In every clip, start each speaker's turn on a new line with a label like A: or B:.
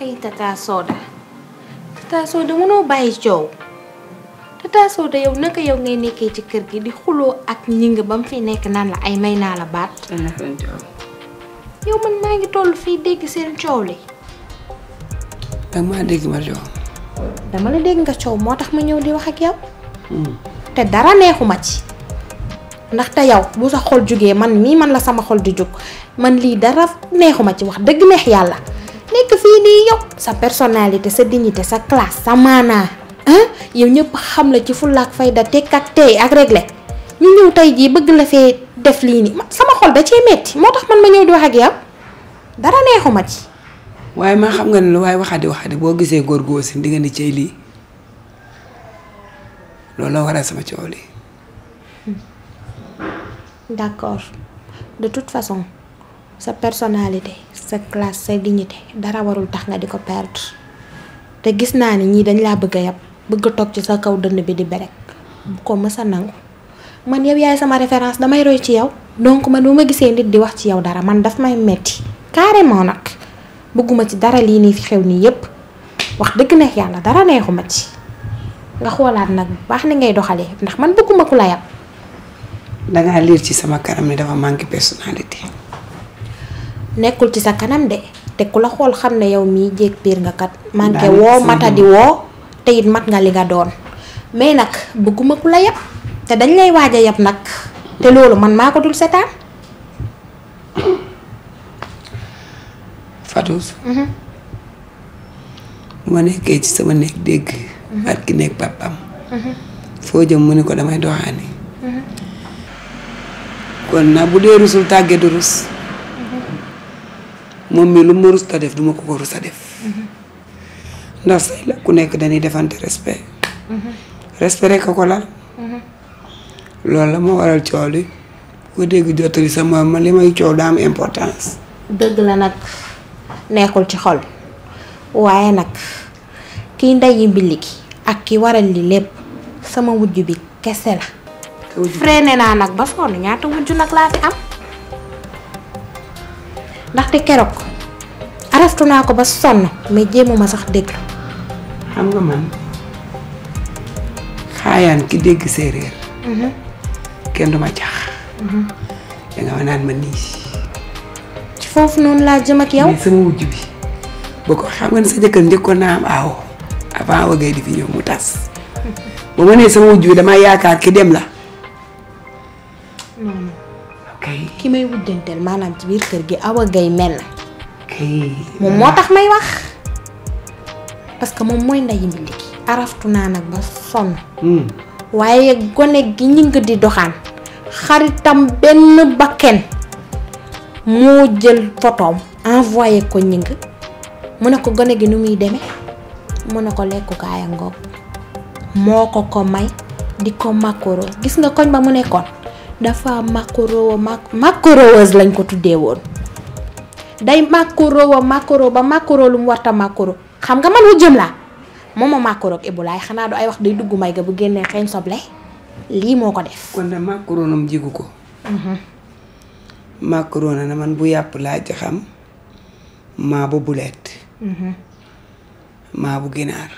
A: ay tata Soda tata Soda mënoo bàyyi coow tata Soda yow naka yow ngay nekkee ci kër gi di xuloo ak ñing ba mu fi nekk naan la ay may naa la baat. yow man maa ngi toll fii dégg seen coow li.
B: da maa dégg ma coow.
A: dama la dégg nga coow moo tax ma ñëw di wax ak yow. Hmm. te dara neexuma ci. ndaxte yow bu sa xol jógee man mii man la sama xol di jug man lii dara neexuma ci wax dëgg neex yàlla. nekk fii nii yow sa personnalité sa dignité sa classe sa mana, ah yow paham xam la ci lak fayda té kak té ak réglé ñu ñew tay ji bëgg la fé def li ni sama xol da ci metti motax man ma ñew di wax
B: ak yow dara neexuma ci waye ma xam nga ne way waaye di nga ni cey li lolo wara sama coow
A: hmm. d'accord de toute façon sa personnalité sa classe sa dignité dara warul tax nga di ko perdre te gis naa ni ñii dañ laa bëgg a yab bëgg toog ci sa kaw dënn bi di berek bu ko mës a nangu man yow yaay sama référence damay roy ci yow donc man bu ma gisee nit di wax ci yow dara man daf may metti carrément nag bëgguma ci dara lii nii fi xew nii yépp wax dëgg neex yàlla dara neexuma ci nga xoolaat nag bu baax ni ngay doxalee ndax man bëgguma ku
B: la yab. dangaa liir ci sama kanam ne dafa manqué personnalité.
A: nekul ci sa kanam de te kula xol xamne yow mi jek bir nga kat manke wo mata di wo te yit mat nga li nga doon mais nak buguma kula la te dañ lay waja a nak te lolu man maa setan dul setaan Fatou mhm.
B: ma nekkee ci sama nek deg mhm. ak ki nek papam mhm. fo jëm mu ne ko damay hmm kon na bu de rusul mom mi lu ma rusta def duma ko ko rusta def ndax say la ku nek dañuy defante respect respect rek ko lal lool la mo waral ciowli ko deg jotali sama man li am importance
A: deug la nak neexul ci xol yimbili nak ki nday yi ak ki waral li lepp sama wujju bi kessela la na nak ba sonn ñaata wujju nak la fi am ndaxte keroog arastu naa ko ba son mais masak sax dégg
B: xam nga man xaayaan ki dégg hmm kén duma hmm da nga wanan ma ni ci fofu non la djëm ak yow sama wujju bi boko xam nga sa kan na am aw avant wagay di fi ñëw mu tass bu mané sama wujju dama yaakaar ki dem la
A: kay ki may wujjantel maanaam ci biir gi awa gay mel na
B: kay moom moo
A: tax may wax parce hmm. que moom mooy ndayi mbindi gi araftu naa nag ba gi ñi di doxaan xaritam ben bakken moo jël photoom envoyé ko ñi nga mu ne ko gone gi nu muy demee mu ko lekkukaaya ko may di ko makoro gis nga koñ ba mu dafa makuro, was lañ ko tuddé won day wa makuro, ba makoro lu warta makoro xam nga man wujjam la momo makoro ak ibulaay xana do ay wax day dugg may ga bu génné xéñ soblé li moko
B: def kon de num jigu ko mhm. makarona na man bu yap la ci xam ma bu bulet mhm. ma bu ginar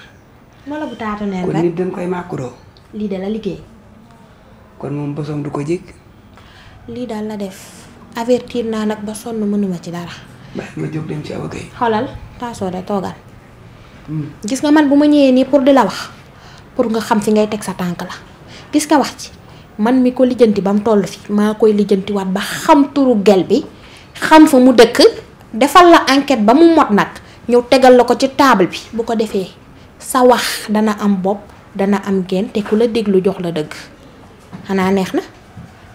A: mala bu taatu neen rek ko nit
B: dañ koy makoro
A: li de la liggéey
B: kon mom bosom du ko jik
A: li dal la def avertir na nak ba munu ma ci dara
B: ba ma jog dem ci awagay
A: xolal ta so de togal hmm. gis nga man buma ñewé ni pour de la wax pour nga xam fi ngay tek sa tank la gis nga wax ci man mi ko lijeenti bam mu toll fi ma koy wat ba xam turu gel bi xam fa mu dekk defal la enquête ba mu mot nak ñëw tegal lako ci table bi bu ko defé sa wax dana am bop dana am gen te ku la jox la deug xanaa neex na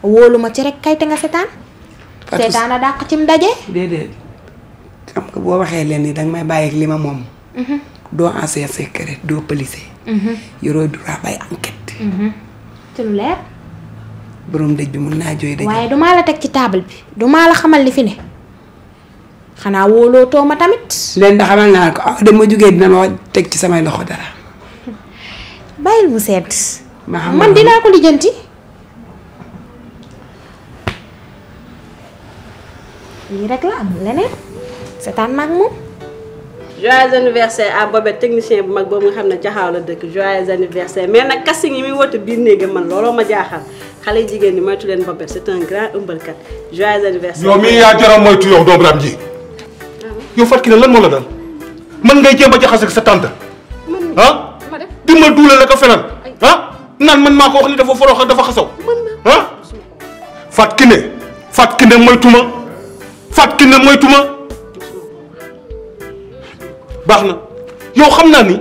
A: wóolu ma ci rek kay te nga seetaan. seetaan a dàq cim daje.
B: déedéet xam nga boo waxee leen ni danga may bàyyi ak li ma moom. Mhm. doo ancien secret doo pëlise. Mhm. yoroo droit bay
A: enquête. Mhm. ci lu leer.
B: borom dëj bi mun naa jooy dëj. waaye
A: dumaa la teg ci taabal bi dumaa la xamal li fi ne xanaa wóoloo too ma tamit.
B: leen da naa ko ah dama jógee dina ma teg ci samay loxo dara.
A: bàyyil mu sedd. man dinaa ko lijjanti. lii rek la amul leneen seetaan maag moom.
C: joyeux anniversaire bu mag boobu nga xam ne jaxaaw la dëkk joyeux mais nag casting yi muy woote biir man looloo ma jaaxal xale jigéen ñi moytu leen Bobet c'est un grand ëmbalkat joyeux anniversaire. yow mii yaa jaram moytu yow
D: doomu raam ji. Ah. yow Fatou Kiné lan moo la dal man ngay jéem a jaxase ak sa tante. ah dimbal duule la ko fenal ah naan man maa ko wax ni dafa forox dafa xasaw ah Fatou Kiné Fatou Kiné moytu ma. Fatou Kiné moytuma baxna na yow xam ni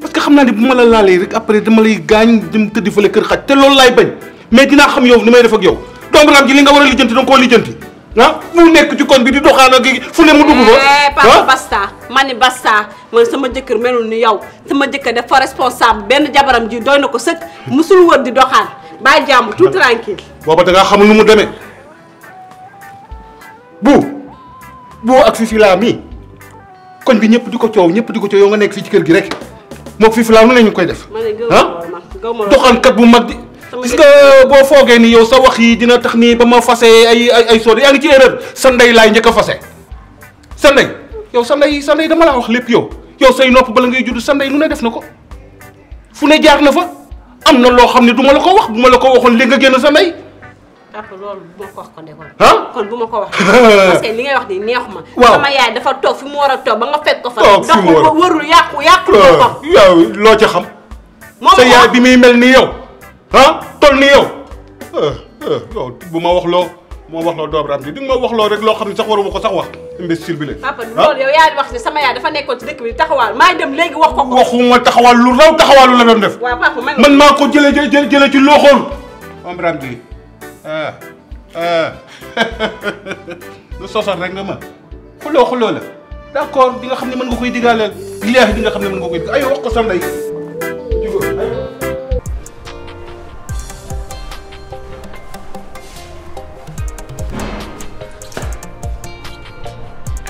D: parce que xamna ni buma la lalé rek après dama lay gañ dem tëddi fële keur xat té lool lay bañ mais dina xam yow ni may def ak yow doomu ram gi li nga wara lijeenti lijjanti ko lijeenti ha ah, mu nekk ci kon bi di doxaan ak fu ne mu dugg ko. ha eh, eh, ah?
C: basta mani basta man sama jëkkeur melul ni yow sama jëkkër dafa responsable ben jabaram ji doy ko seuk musul wër di doxaan bàyyi jàmm tout tranquille
D: booba da ngaa xamul nu mu demee bu bu ak Fifi la mi koñ bi ñepp diko ciow ñepp diko ciow nga nek fii ci kër gi rek mo Fifi la nu lañ koy def. ah kat bu mag gis nga bo foggé ni yow sa wax yi dina tax ni ba ma fassé ay ay soor ya nga ci erreur sa nday laay ñëk fassé sa nday yow sa nday sa nday dama la wax lepp yow yow say nopp bala ngay judd sa nday lu ne def nako fu ne jaar na fa am lo xamni duma la ko wax bu la ko waxon li nga sa nday
E: papa loolu bu ma ko wax kon de kon.
C: kon bu ma ko wax. parce que li ngay wax nii neexu ma. sama yaay dafa toog fi mu war a toog ba nga fekk ko fa. toog fi mu
D: war a
B: warul yàqu yàqu
D: euh, loo ca xam. moom sa yaay bi muy mel ni yow. ah toll ni yow. Euh, euh, yow bu ma wax loo moo wax loo doomu raam di wax loo rek loo xam ne sax waruma ko sax wax. imbécile bi la
C: papa ah, loolu yow yaa wax ne sama yaay dafa nekkoon ci dëkk bi
E: taxawaal wax
D: ko lu raw la doon def.
E: waaw papa man maa ko
D: jëlee jëlee jëlee ci loo xool. doomu raam di lu sosal rek nga ma kulo xuloo la d'accord di nga xamni man nga koy digalel bilaahi di nga xamni man nga koy ay wax ko sa ndey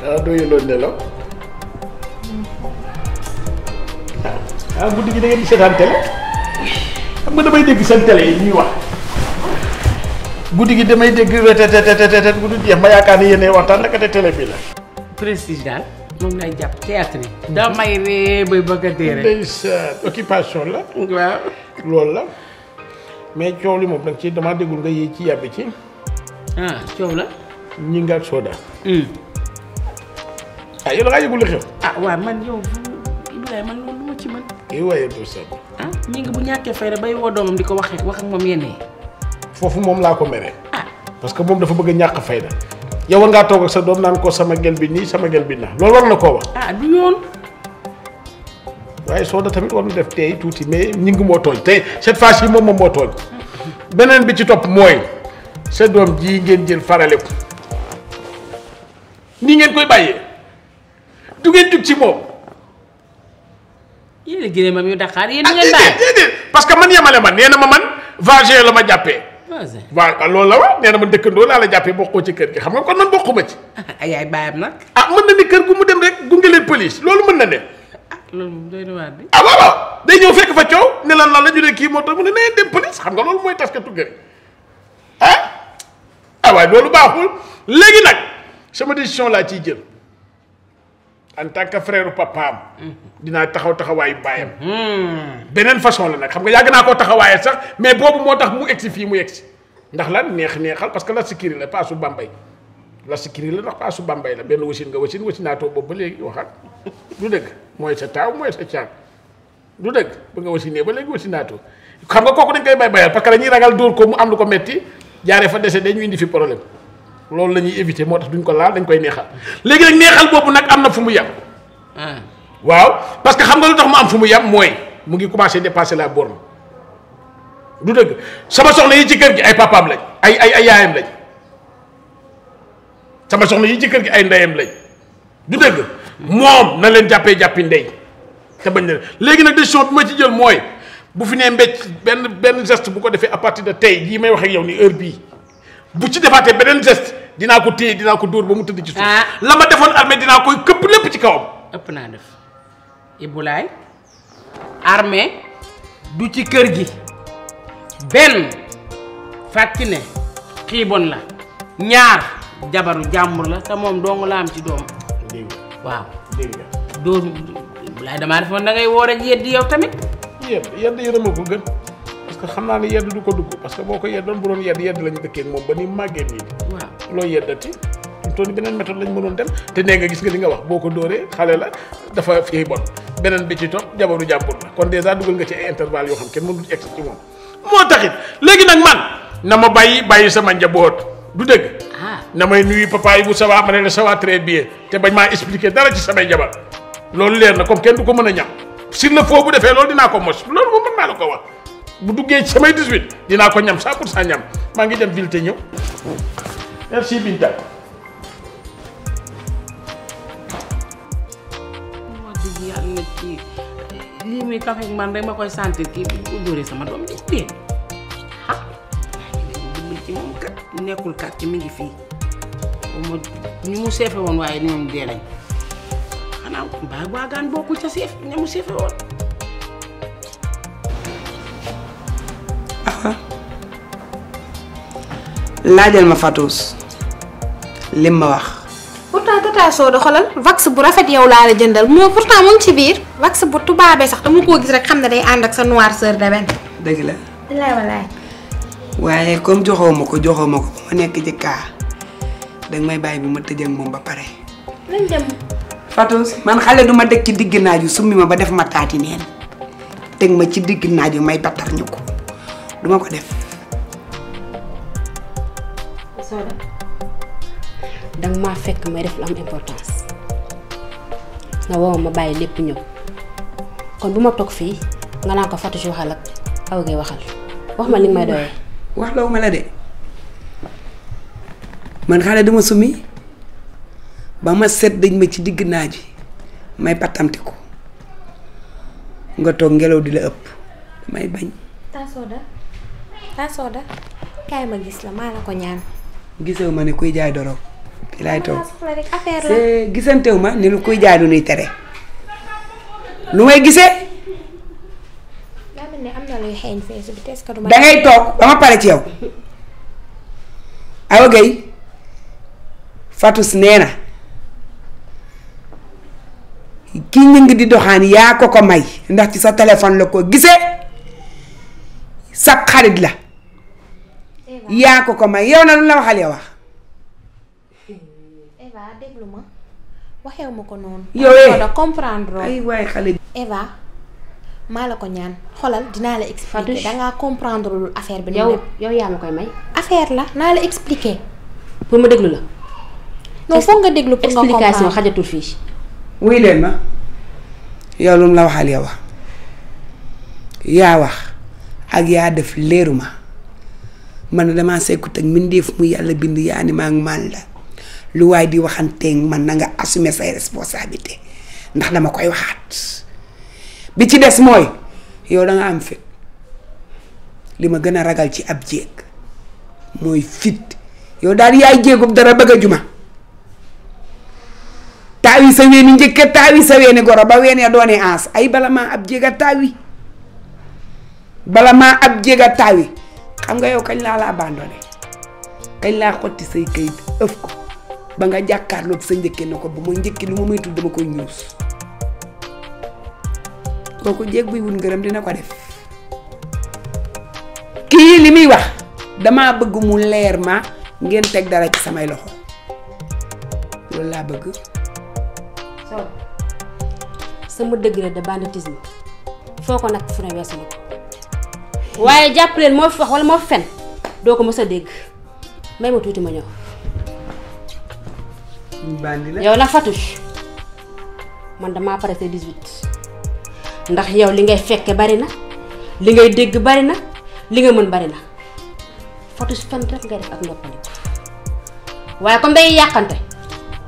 F: ah yo yëndoon nelaw ah guddi gi da ngeen di setan tele xam nga damay dégg seen télé ñuy wax guddi gi damay dégg wetetetetetet bu dul jeex ma yaakaar yene yéenay nak te tele bi la.
E: prestige daal moom lay japp théâtre
F: da may re bay bëgg a dee rek. ndeysaan occupation la. waaw lool la mais coow li moom nag ci dama degul nga yéey ci yab ci. ah ciow la. ñi nga ak Soda. ah yow da nga yëgul xew. ah wa man yow
E: ibrahim man loolu ci man
F: ay waye do sa ah
E: ñi nga bu ñàkkee fayda bay
F: wo domam diko waxé wax ak mom yene fofu mom la ko méré parce que mom dafa bëgg ñak fayda yow war ngaa toog ak sa doom nan ko sama gel bi ni sama gel bi na lool war na ko wax ah du yoon waaye soo da tamit war na def tay touti mais ñing ngi moo tooñ tey cette fois ci mom mo moo tooñ beneen bi ci top moy sa doom ji ngeen jël faralé ko ni ngeen koy bayé du ngeen jug ci mom yéne a mam yu Dakar yéne ngeen ah, bàyyi parce que man yamalé man néna ma man vager la ma jappé voisin. waaw loolu la wax nee na ma dëkkandoo laa la jàppee bokkoo ci kër gi xam nga kon man bokkuma ci. Ah, ah, ay ay baayam nag. ah mën na ni kër gu mu dem rek gunge leen police loolu mën na ne.
E: ah loolu moom doy na waar
F: ah, day ñëw fekk fa coow ne lan lan la ñu ne kii moo tax mu ne nee dem police xam nga loolu mooy taskatu gëri ah ah waaye loolu baaxul léegi nag sama décision laa ciy jël. en tant que frère papaam. Mhm. dinaa taxaw taxawaayu baayam. Mhm. beneen façon la nag xam nga yàgg naa koo taxawaaye sax mais boobu moo tax mu egsi fii mu si ndax lan neex neexal parce que la sikiri la paasu Bambey la sikiri la ndax paasu Bambey la benn wasin nga wasin wasinaatoo boobu ba léegi waxal du dëgg mooy sa taaw mooy sa caan du dëgg ba nga wasinee ba léegi wasinaatoo xam nga kooku dañ koy bay bayal parce que dañuy ragal dóor ko mu am lu ko metti jaaree fa dese dañu indi fi problème. loolu lañuy éviter motax duñ ko laal dañ koy neexal légui nag neexal bobu nak amna fumu yam mu yem. waaw parce que xam nga lu tax mu am fumu yam moy mu ngi commencer dépasser la borne du deug sama soxna yi ci kër gi ay papam lañ ay ay ay yaayam lañ sama soxna yi ci kër gi ay ndayam lañ du deug mom na leen jappé jàppi ndey te bañ na léegi nag décision bi ma ci jël moy bu fi né mbécc ben ben geste bu ko défé à partir de tay jii may wax ak yow ni heure bii. bu ci defaatee beneen geste dinaa ko téye dinaa ko dóor ba mu tëdd ci suuf. Ah. la ma defoon armée dinaa koy këpp lépp ci kawam.
E: ëpp naa def Ibulaay armée du ci kër gi benn fàtti ne xiibon la ñaar jabaru jàmbur la te moom dong la am ci doom waaw dóor Ibulaay damaa defoon da ngay woor ak yeddi yow tamit. yedd yedd yërëma ko gën. que
F: xamna ni yedd du ko dugg parce que boko ko yeddoon bu don yedd yedd lañu dekké mom ba ni magé ni waaw lo yeddati toon benen méthode lañ mënon dem té né nga gis nga li nga wax boko doré xalé la dafa fiy bon benen bi ci top jabaru jàmbur la kon déjà duggal nga ci ay intervalle yo xam ken mënul ex ci mom mo taxit légui nak man na ma bayyi sama njabot du dëgg ah. na may nuyu papa yi bu sawa mané ne la sawa très bien té bañ ma expliquer dara ci sama jabar lolou leer na comme ken du ko mën ñam sur le faut bu defee loolu dinaa ko mos loolu moom mën la ko wax bu duggee ci samay 18 dinaa ko ñam 100 pour cent ñam maa ngi dem ville ñëw merci Binta.
E: lii muy kafe man rek ma koy sentir kii bu dóoree sama doom bi dee ah dimbali ci moom kat nekkul kat ci mi ngi fii ma ñu mu seefe woon waaye ñoom dee nañ xanaa mbaa waagaan bokkul ca seef ña mu seefe woon
B: laajal ma Fatos lim ma wax.
A: pourtant tata soo da xolal wax bu rafet yow laa jëndal moo pourtant mu ngi ci biir wax bu tubaabee sax dama koo gis rek xam ne day ànd ak sa noirceur de benn. dëgg la. bilaay walaay.
B: waaye comme joxoo ma ko joxoo ma ko may bàyyi bi ma tëj ak moom ba pare. lan man xale du ma dëkk ci digg naaju summi ma ba def ma taati neen teg ma ci digg naaju may battar ñu ko du ko def.
C: Soda danga maa fekk may def lu am importance nga woo ma bàyyi lépp ñëw kon bu ma toog fii nga naan ko Fatou si waxal ak aw waxal
B: wax ma li may doyee. wax law ma la de man xale dama sumi ba ma set dañ ma ci digg naaj may patamti nga toog ngelaw di la ëpp damay bañ.
A: taa Soda kaay ma gis la maa la ko ñaan.
B: gisewu ma ne kuy jaay doro fii laay toog gisantewu ma ne lu kuy jaay lu nuy tere lu may gisee.
A: da toog
B: ba ma pare ci yow Awa Gueye nee na ki ñu ngi di doxaan yaa ko ko may ndax ci sa téléphone la ko gisee sa xarit la. yaa ko ko may yow na lu la waxal yow wax.
A: Ah. Eva déglu ma waxew ma ko noonu. yow da eh. la ko ñaan xolal dinaa la lu affaire bi. yow yow yaa ma koy may. affaire la naa la expliquer. pour ma déglu la. non foog nga déglu pour nga comprendre
C: xajatul fii.
B: wuy leen ma yow lu mu la waxal yow wax ah. yaa wax ak yaa def leeruma man dama sekut ak mindeef mu yalla bind yaani ma ngi man la lu way di ak man nga assumer say responsabilité ndax dama koy waxat bi ci dess moy yow da nga am fit lima gëna ragal ci ab jéeg moy fit yow daal yaay jéegub dara bëgg juma tawi sa wéni njëkka tawi sa wéni goro ba weene ya doone aas ay bala maa ab jéeg tawi ab tawi xam nga yow kañ laa la abandonné kañ laa xotti say kayit ëf ko ba nga jàkkaarloog sa njëkke ne ko ba ma njëkki lu ma dama koy ñuus kooku jéeg buy ngërëm dina ko def kii li muy wax dama bëgg mu leer ma ngeen teg dara ci samay loxo loolu laa bëgg
C: so sama degré de banditisme foo ko fu ne weesu waye jàpp leen moo fi wax wala moo fen doo ko mës a may mo tuti ma ñëw.
B: bandi la yow na
C: Fatouche man dama pare say 18 ndax yow li ngay fekke bari na li ngay deg bari na li nga mën bari na Fatouche fen rek
A: ngay def ak noppalik
C: waye comme day yàqante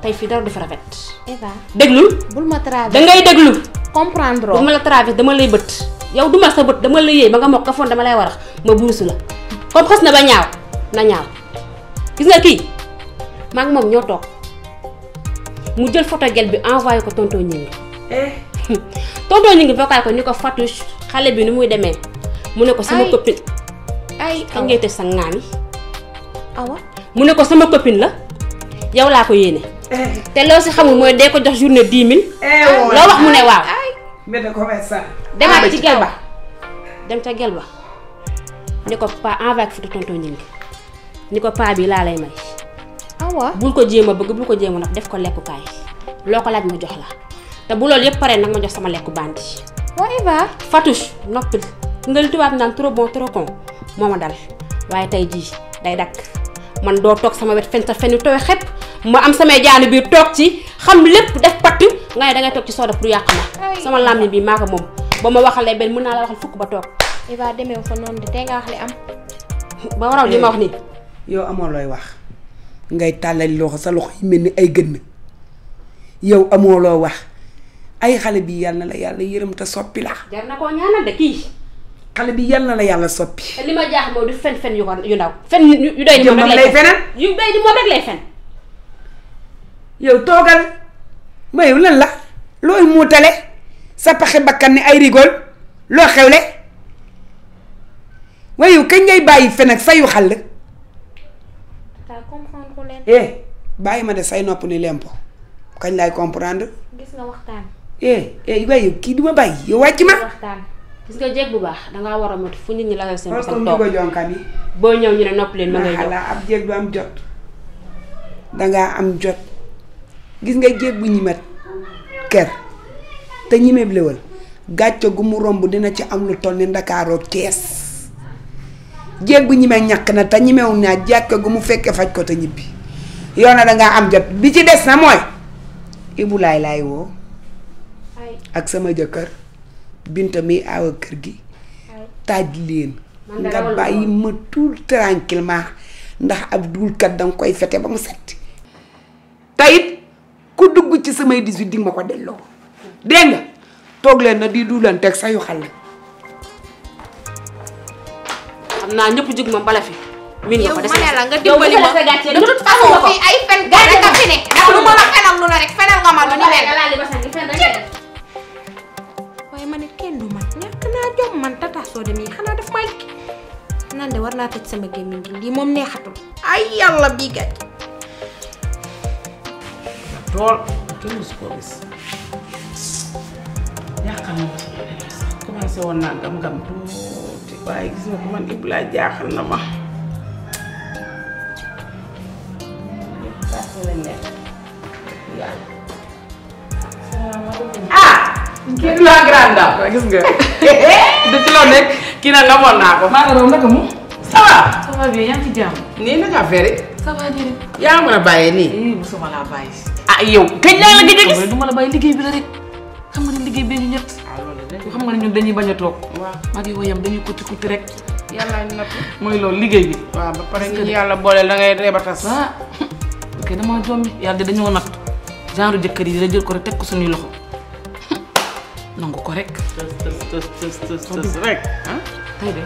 C: tay fi dara du fa rafet. Eva deglu
A: bul ma travé da ngay deglu
C: comprendre bul ma la travé dama lay bët. yow du ma sa bët dama la yéey ba nga mokk kafoon foon dama lay warax ma buusu la kon xas na ba ñaaw na ñaaw gis nga kii maa moom ñoo toog mu jël photo gel bi envoyé ko tonton ñi ngi eh. tonton ñi ko ni ko Fatou xale bi ni muy demee mu ne ko sama copine ay kañ mu ne ko sama copine la yow laa ko yéene eh. te loo si xamul mooy dee ko jox journée dix mille
A: eh, loo wax mu ne
B: waaw dem ci gel
C: ba dem ca gel ba ni ko pa envoyé ak photo tonton ñing ni ko pa bi la lay may awa bul ko jema bëgg bul ko jema nak def ko lekku kay loko laaj mu jox la te bu lool yépp paré nak ma jox sama lekku bandi wa eva fatouche noppil ngal tubaab trop bon trop con moma dal waye tay ji day dak man do tok sama wet fenta fenu toy xep ma am sama jaanu bi tok ci xam lepp def pat ngay da ngay tok ci soda pour yakuma sama lamni bi mako mom ba ma waxalee benn mën naa la waxal fukk ba toog.
A: Iba demeewul fa noonu de tey nga wax li am. ba
C: waral li ma wax nii.
B: Eh, yow amoo looy wax ngay tàllali loxo sa loxo yi mel ni ay wax ay xale bi yàlla na la yàlla yërëm soppi la. jar
C: na koo ñaanal de kii.
B: xale bi yàlla na la yàlla soppi.
C: te li ma jaax mooy du fen fen yu ko yu ndaw. fen yu doy ni moom rek lay fenal yu doy fen.
B: yow toogal ma yow la looy muutale. sa paxe bakkan ne ay rigol lo loo xewle wayu kañ ngay bàyyi fen ak sayu xàll eh bayyi ma de say nopp ni lempo kañ lay comprendre
A: gis nga waxtan
B: eh eh wayu ki duma bayyi yow wàcc ma
C: waxtan gis nga jeeg bu baax da nga wara a mat fu nit ñi la seen sa toog ko
B: jonkan yi bo ñew ñu ne nopp leen ma ngay jox ala ab jeeg du am jot da nga am jot gis nga jeeg bu ñi mat ker te ñimé bléwal gatcho gu mu rombu dina ci am lu toll dakaro ndakaaroo kees ñimé bu na ñàkk ñimé wu na jakk gu mu féké fajj ko te ñibbi yona na nga am jot bi ci dess na moy ibu lay lay wo ak sama jëkkeur binta mi aw kër gi taaj leen nga bayyi ma tout tranquillement ndax abdoul kat dang koy fete ba mu set tayit it ku dugg ci samay 18 ding mako ko deng tok len na di tek sa yu xam
C: naa ñepp jug ma mbala fi. min nga ko def yow la nga dimbali ma yow bu ko fi ay fen gaay nga fi ne ndax lu ma la fenal
A: lu la rek fenal nga ma lu ni mel. way ma ne kenn du ma ñak na jom man tata soo demee xanaa daf may naan de war naa tëj sama gémmiñ gi lii moom neexatul. ay yalla bi gàcce.
E: tol kenn musu bis Ya kamu ko ya. ah, sama gam-gam tuuti waaye gis nga ko Ibla jaaxal ma. kii du la grande dame gis nga. du ci loo nekk kii nag amoon kamu? ko. maa ngi kamu? naka mu. ça va. ça va bien yaa ngi ci jàmm. nii naka affaire yi. ça va jërëjëf. yaa mën a bàyyee nii dañuy baña tok toog. waaw mag yi wayam dañuy kuti kuti rek. yalla ñu na moy lool liggey bi. waaw ba paré ñu yalla bolé da ngay reebatas. ah ok dama jommi yalla di dañu natt genre jëkkër yi dina jël ko rek teg ko suñuy loxo nang ko rek. tës tës tës tës tës rek. Ah, tey de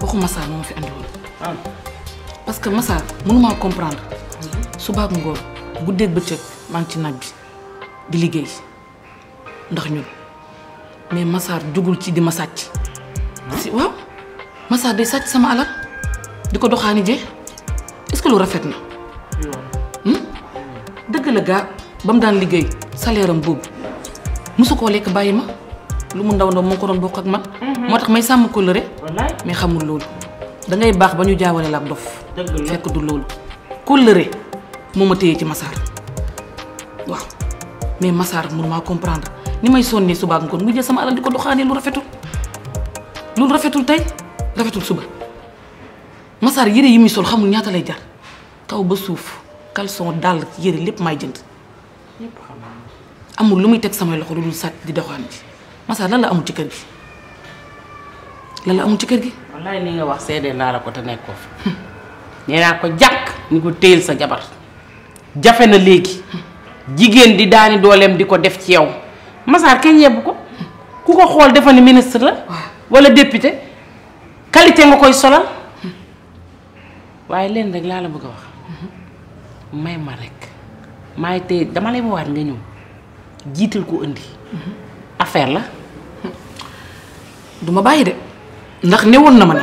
E: waxu Massar mo fi andi woon. Ah. parce que massa mënu ma comprendre. suba ak ngoon guddeeg bëccëg maa ngi ci nabbi di liggey ndax ñun. mais masaar jugul ci di ma sàcc. si waaw Massar day sàcc sama alal di ko doxaani je est lu rafet na. Hmm? dëgg la gaa ba mu daan liggéey saleeram am mosu koo lekk bàyyi ma lu mu ndaw ndaw moo ko doon bokk ak mat mhm. moo tax may sàmm kóllëre mais xamul loolu dangay baax ba ñu jaawale la ak dof. fekk du loolu kóllëre moo ma téye ci Massar waaw mais Massar mënu maa comprendre. ni may sonnee suba ak ngoon mu jël sama alal di ko doxaanee lu rafetul loolu rafetul tey rafetul suba masaar yére yi muy sol xamul ñaata lay jar kaw ba suuf caleçon dàll yére lépp may jënd amul lu muy teg samay loxo lu dul sàcc di doxaan ji masaar lan la amul ci kër gi lan la amul ci kër gi wallaay li nga wax seede laa la ko nee naa ko jàkk ni ko téyel sa jabar jafe na léegi jigéen di daani dooleem di ko def ci yow Massar kenn yebb ko ku ko xool dafa ni ministre la wala député qualité nga koy solal waaye leen rek laa la bëgg a wax may ma rek maay tey dama lay waat nga ñëw jiital ko indi affaire la duma bàyyi de ndax woon na ma ne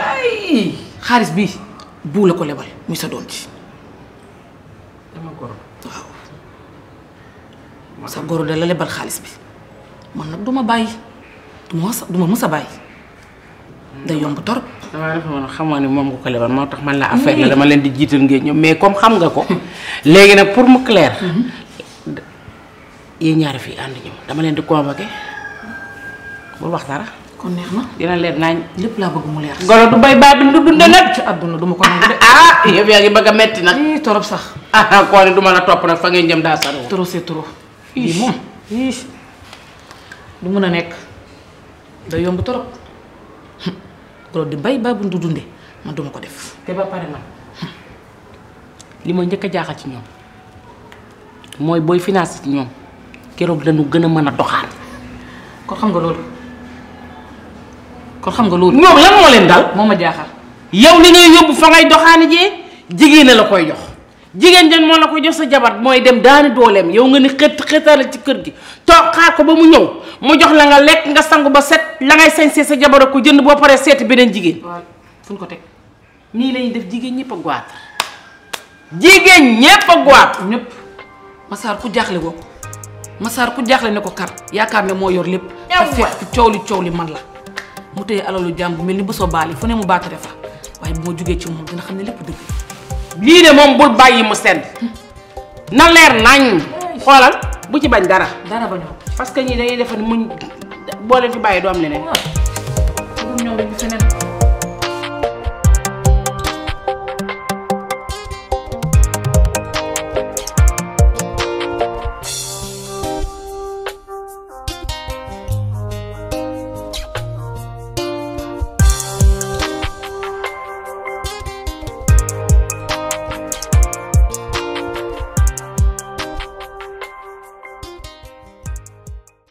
E: xaalis bii buu la ko lebal muy sa doon ci dama sa goro da la lebal xaalis bi man nag du ma bàyyi du ma mës a yomb torop. damaa defe woon xamoo ne moom ko lebal moo man la affaire dama leen di jiital ngeen ñoom mais comme xam nga ko. léegi nag pour mu clair. ñu dama di convoqué bul wax dara. dina leer bëgg mu leer. golo du bay du ci ko nangu de. ah yow yaa ngi bëgg metti nag. torop sax. ah koo ne du la topp nag fa ngeen jëm daa trop c'est trop. du mun a nekk day yomb torop golo di bay ba bu du dunde man duma ko def te ba pare man li ma njëkk a jaaxal ci ñoom mooy booy finance ci ñoom keroog lañu gën a mën a doxaat kon xam nga loolu kon xam nga loolu ñoom lan moo leen daal moom ma jaaxal yow li ngay yóbbu fa ngay doxaani jee jigéen la koy jox jigéen jan moo la ko jox sa jabar mooy dem daani dooleem yow nga ni xët xëtala ci kër gi toog xaar ko ba mu ñëw mu jox la nga lekk nga sangu ba set la ngay sañsee sa jabar ko jënd boo paree seeti beneen jigéen. fu ñu ko teg nii lañuy def jigéen ñëpp a goiat jigéen ñëpp a goiat ñëpp Massar ku jaaxle ko Massar ku jaaxle ne ko kar yaakaar ne moo yor lépp te fekk coow li coow li man la mu téye alalu jàmbu mel ni bu soo baali fu ne mu baatare fa waaye bu ma jógee ci moom dina xam ne lépp dëgg lii de moom bul bàyyi mu sedd na leer nañ xoolal bu ci bañ dara dara bañoo parce que ñii dañuy defar muñ boo leen fi bàyyi doom am leneen.